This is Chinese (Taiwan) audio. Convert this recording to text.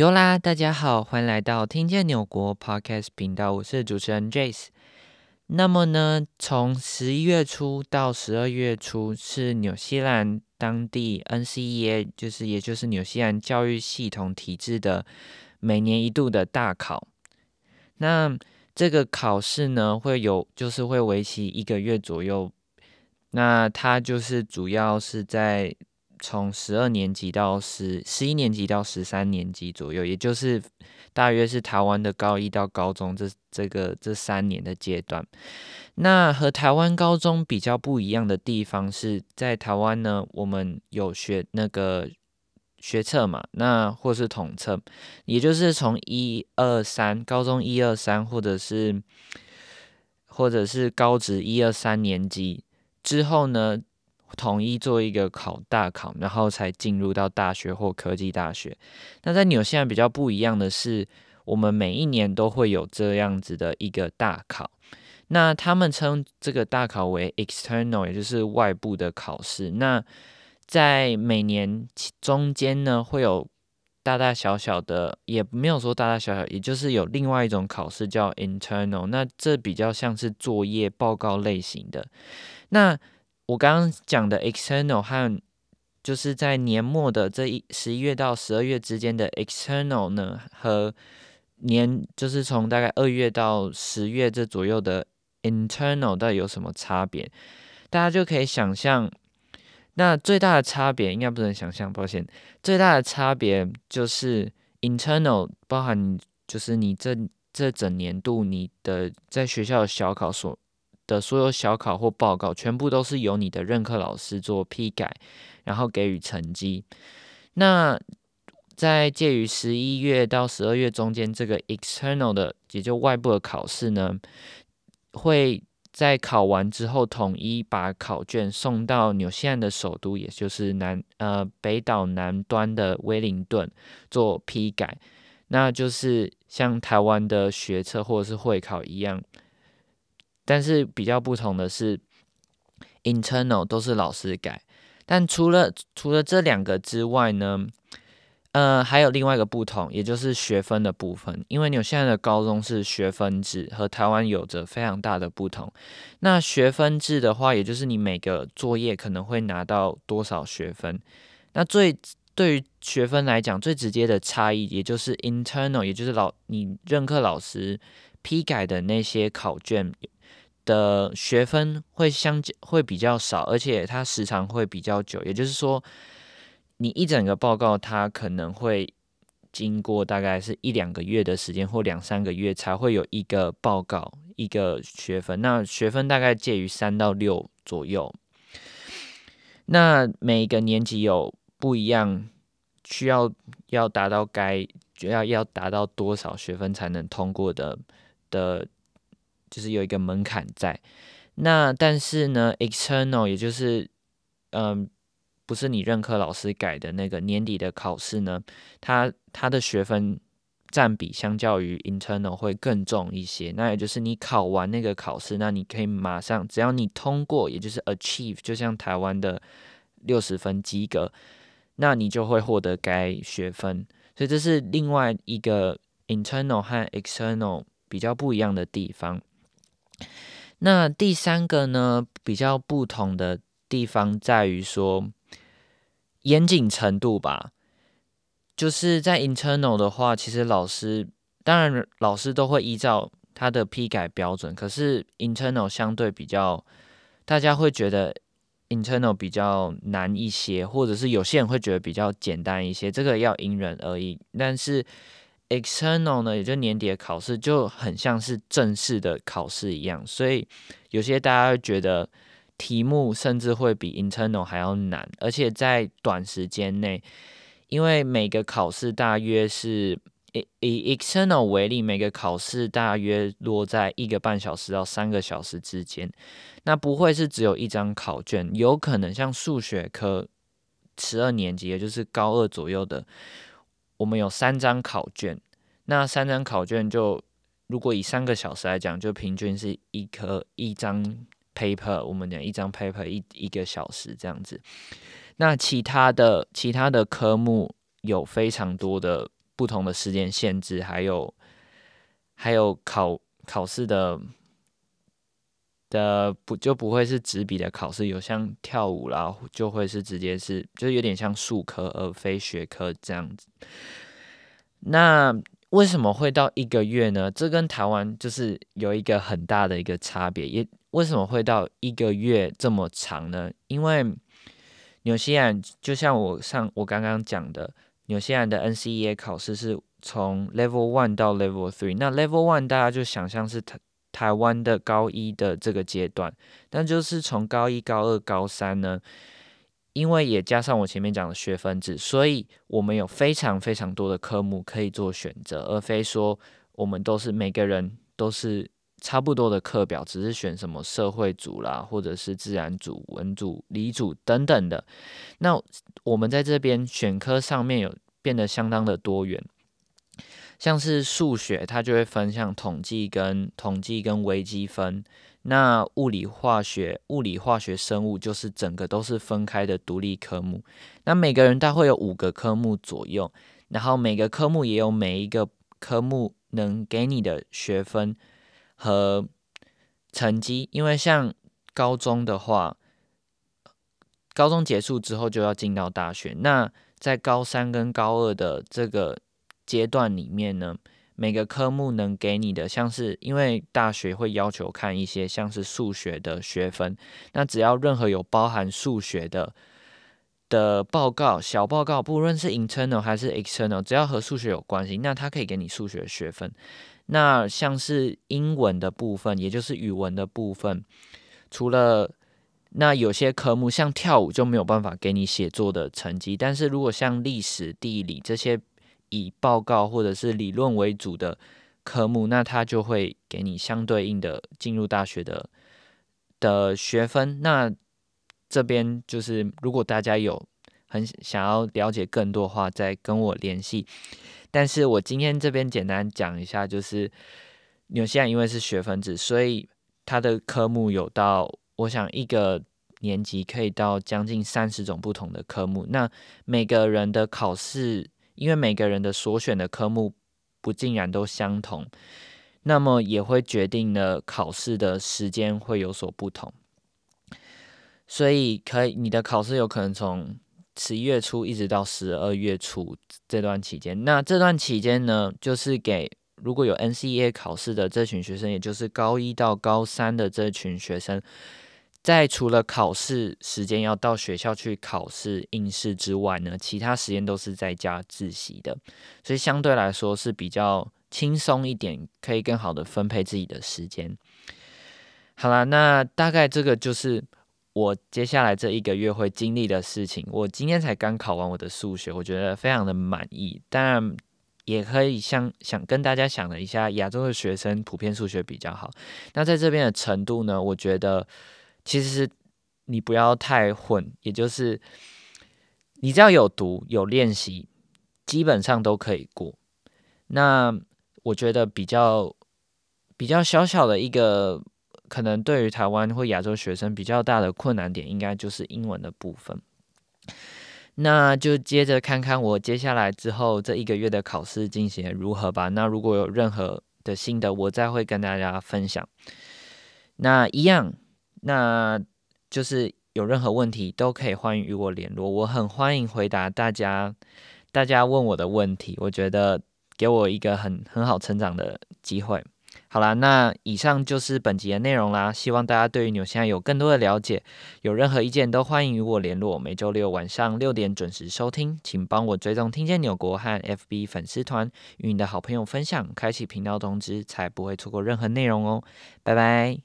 有啦，大家好，歡迎來到聽見紐國 Podcast 頻道，我是主持人 Jace。那麼呢，從十一月初到十二月初是紐西蘭當地 NCEA，就是也就是紐西蘭教育系統體制的每年一度的大考。那這個考試呢，會有就是會為期一個月左右。那它就是主要是在，從十二年級到十十一年級到十三年級左右，也就是大約是台灣的高一到高中這這個這三年的階段。那和台灣高中比較不一樣的地方是在台灣呢，我們有學那個學測嘛，那或是統測，也就是從一二三高中一二三，或者是或者是高職一二三年級之後呢。統一做一個考大考，然後才進入到大學或科技大學。那在紐西蘭比較不一樣的是，我們每一年都會有這樣子的一個大考。那他們稱這個大考為 external，也就是外部的考試。那在每年中間呢，會有大大小小的，也沒有說大大小小，也就是有另外一種考試叫 internal。那這比較像是作業報告類型的。那。我剛剛講的 external 和，就是在年末的這一十一月到十二月之間的 external 呢，和年就是從大概二月到十月這左右的 internal 到底有什麼差別？大家就可以想象，那最大的差別，應該不能想象，抱歉，最大的差別就是 internal 包含就是你這這整年度你的在學校的小考所，的所有小考或報告全部都是由你的任課老師做批改，然後給予成績。那在介於十一月到十二月中間這個 external 的，也就外部的考試呢，會在考完之後統一把考卷送到紐西蘭的首都，也就是南呃北島南端的威靈頓做批改。那就是像台灣的學測或者是會考一樣。但是比較不同的是，internal 都是老師改。但除了除了這兩個之外呢，呃，還有另外一個不同，也就是學分的部分。因為紐西蘭的高中是學分制，和台灣有着非常大的不同。那學分制的話，也就是你每個作業可能會拿到多少學分。那最對於學分來講，最直接的差異，也就是 internal，也就是老你任課老師批改的那些考卷，的學分會相會比較少，而且它時長會比較久。也就是說，你一整個報告，它可能會經過大概是一兩個月的時間，或兩三個月才會有一個報告一個學分。那學分大概介於三到六左右。那每個年級有不一樣需，需要要達到該就要要達到多少學分才能通過的的。就是有一個門檻在，那但是呢，external 也就是嗯、呃，不是你任課老師改的那個年底的考試呢，它它的學分占比相較於 internal 會更重一些。那也就是你考完那個考試，那你可以馬上只要你通過，也就是 achieve，就像台灣的六十分及格，那你就會獲得該學分。所以這是另外一個 internal 和 external 比較不一樣的地方。那第三個呢，比較不同的地方在於說嚴謹程度吧。就是在 internal 的話，其實老師當然老師都會依照他的批改標準，可是 internal 相對比較，大家會覺得 internal 比較難一些，或者是有些人會覺得比較簡單一些，這個要因人而異。但是 External 呢，也就年底的考試就很像是正式的考試一樣，所以有些大家會覺得題目甚至會比 Internal 還要難，而且在短時間內，因為每個考試大約是，以以 External 為例，每個考試大約落在一個半小時到三個小時之間，那不會是只有一張考卷，有可能像數學科十二年級，也就是高二左右的。我們有三張考卷，那三張考卷就如果以三個小時來講，就平均是一科一張 paper，我們講一張 paper 一一個小時這樣子。那其他的其他的科目有非常多的不同的時間限制，還有還有考考試的。的不就不會是紙筆的考試，有像跳舞啦，就會是直接是，就有點像術科而非學科這樣子。那為什麼會到一個月呢？這跟台灣就是有一個很大的一個差別。也為什麼會到一個月這麼長呢？因為紐西蘭就像我上我剛剛講的，紐西蘭的 NCEA 考試是從 Level One 到 Level Three。那 Level One 大家就想象是它。台灣的高一的這個階段，但就是從高一、高二、高三呢，因為也加上我前面講的學分制，所以我們有非常非常多的科目可以做選擇，而非說我們都是每個人都是差不多的課表，只是選什麼社會組啦，或者是自然組、文組、理組等等的。那我們在這邊選科上面有變得相當的多元。像是數學，它就會分像統計跟統計跟微積分；那物理化學、物理化學、生物就是整個都是分開的獨立科目。那每個人大概會有五個科目左右，然後每個科目也有每一個科目能給你的學分和成績。因為像高中的話，高中結束之後就要進到大學。那在高三跟高二的這個。階段裡面呢，每個科目能給你的，像是因為大學會要求看一些像是數學的學分，那只要任何有包含數學的的報告、小報告，不論是 internal 還是 external，只要和數學有關係，那它可以給你數學學分。那像是英文的部分，也就是語文的部分，除了那有些科目像跳舞就沒有辦法給你寫作的成績，但是如果像歷史、地理這些。以報告或者是理論為主的科目，那它就會給你相對應的進入大學的的學分。那這邊就是，如果大家有很想要了解更多的話，再跟我聯繫。但是我今天這邊簡單講一下，就是紐西蘭因為是學分制，所以它的科目有到，我想一個年級可以到將近三十種不同的科目。那每個人的考試。因為每個人的所選的科目不盡然都相同，那麼也會決定了考試的時間會有所不同，所以可以你的考試有可能從十一月初一直到十二月初這段期間。那這段期間呢，就是給如果有 NCEA 考試的這群學生，也就是高一到高三的這群學生。在除了考試時間要到學校去考試應試之外呢，其他時間都是在家自習的，所以相對來說是比較輕鬆一點，可以更好的分配自己的時間。好了，那大概這個就是我接下來這一個月會經歷的事情。我今天才剛考完我的數學，我覺得非常的滿意。當然也可以像想跟大家想了一下，亞洲的學生普遍數學比較好。那在這邊的程度呢，我覺得。其實你不要太混，也就是你只要有讀有練習，基本上都可以過。那我覺得比較比較小小的一個，可能對於台灣或亞洲學生比較大的困難點，應該就是英文的部分。那就接着看看我接下來之後這一個月的考試進行如何吧。那如果有任何的心得，我再會跟大家分享。那一樣。那就是有任何問題都可以歡迎與我聯絡，我很歡迎回答大家大家問我的問題，我覺得給我一個很很好成長的機會。好啦，那以上就是本集的內容啦，希望大家對於紐西蘭有更多的了解。有任何意見都歡迎與我聯絡。每周六晚上六點準時收聽，請幫我追蹤聽見紐國和 FB 粉絲團，與你的好朋友分享，開啟頻道通知，才不會錯過任何內容哦。拜拜。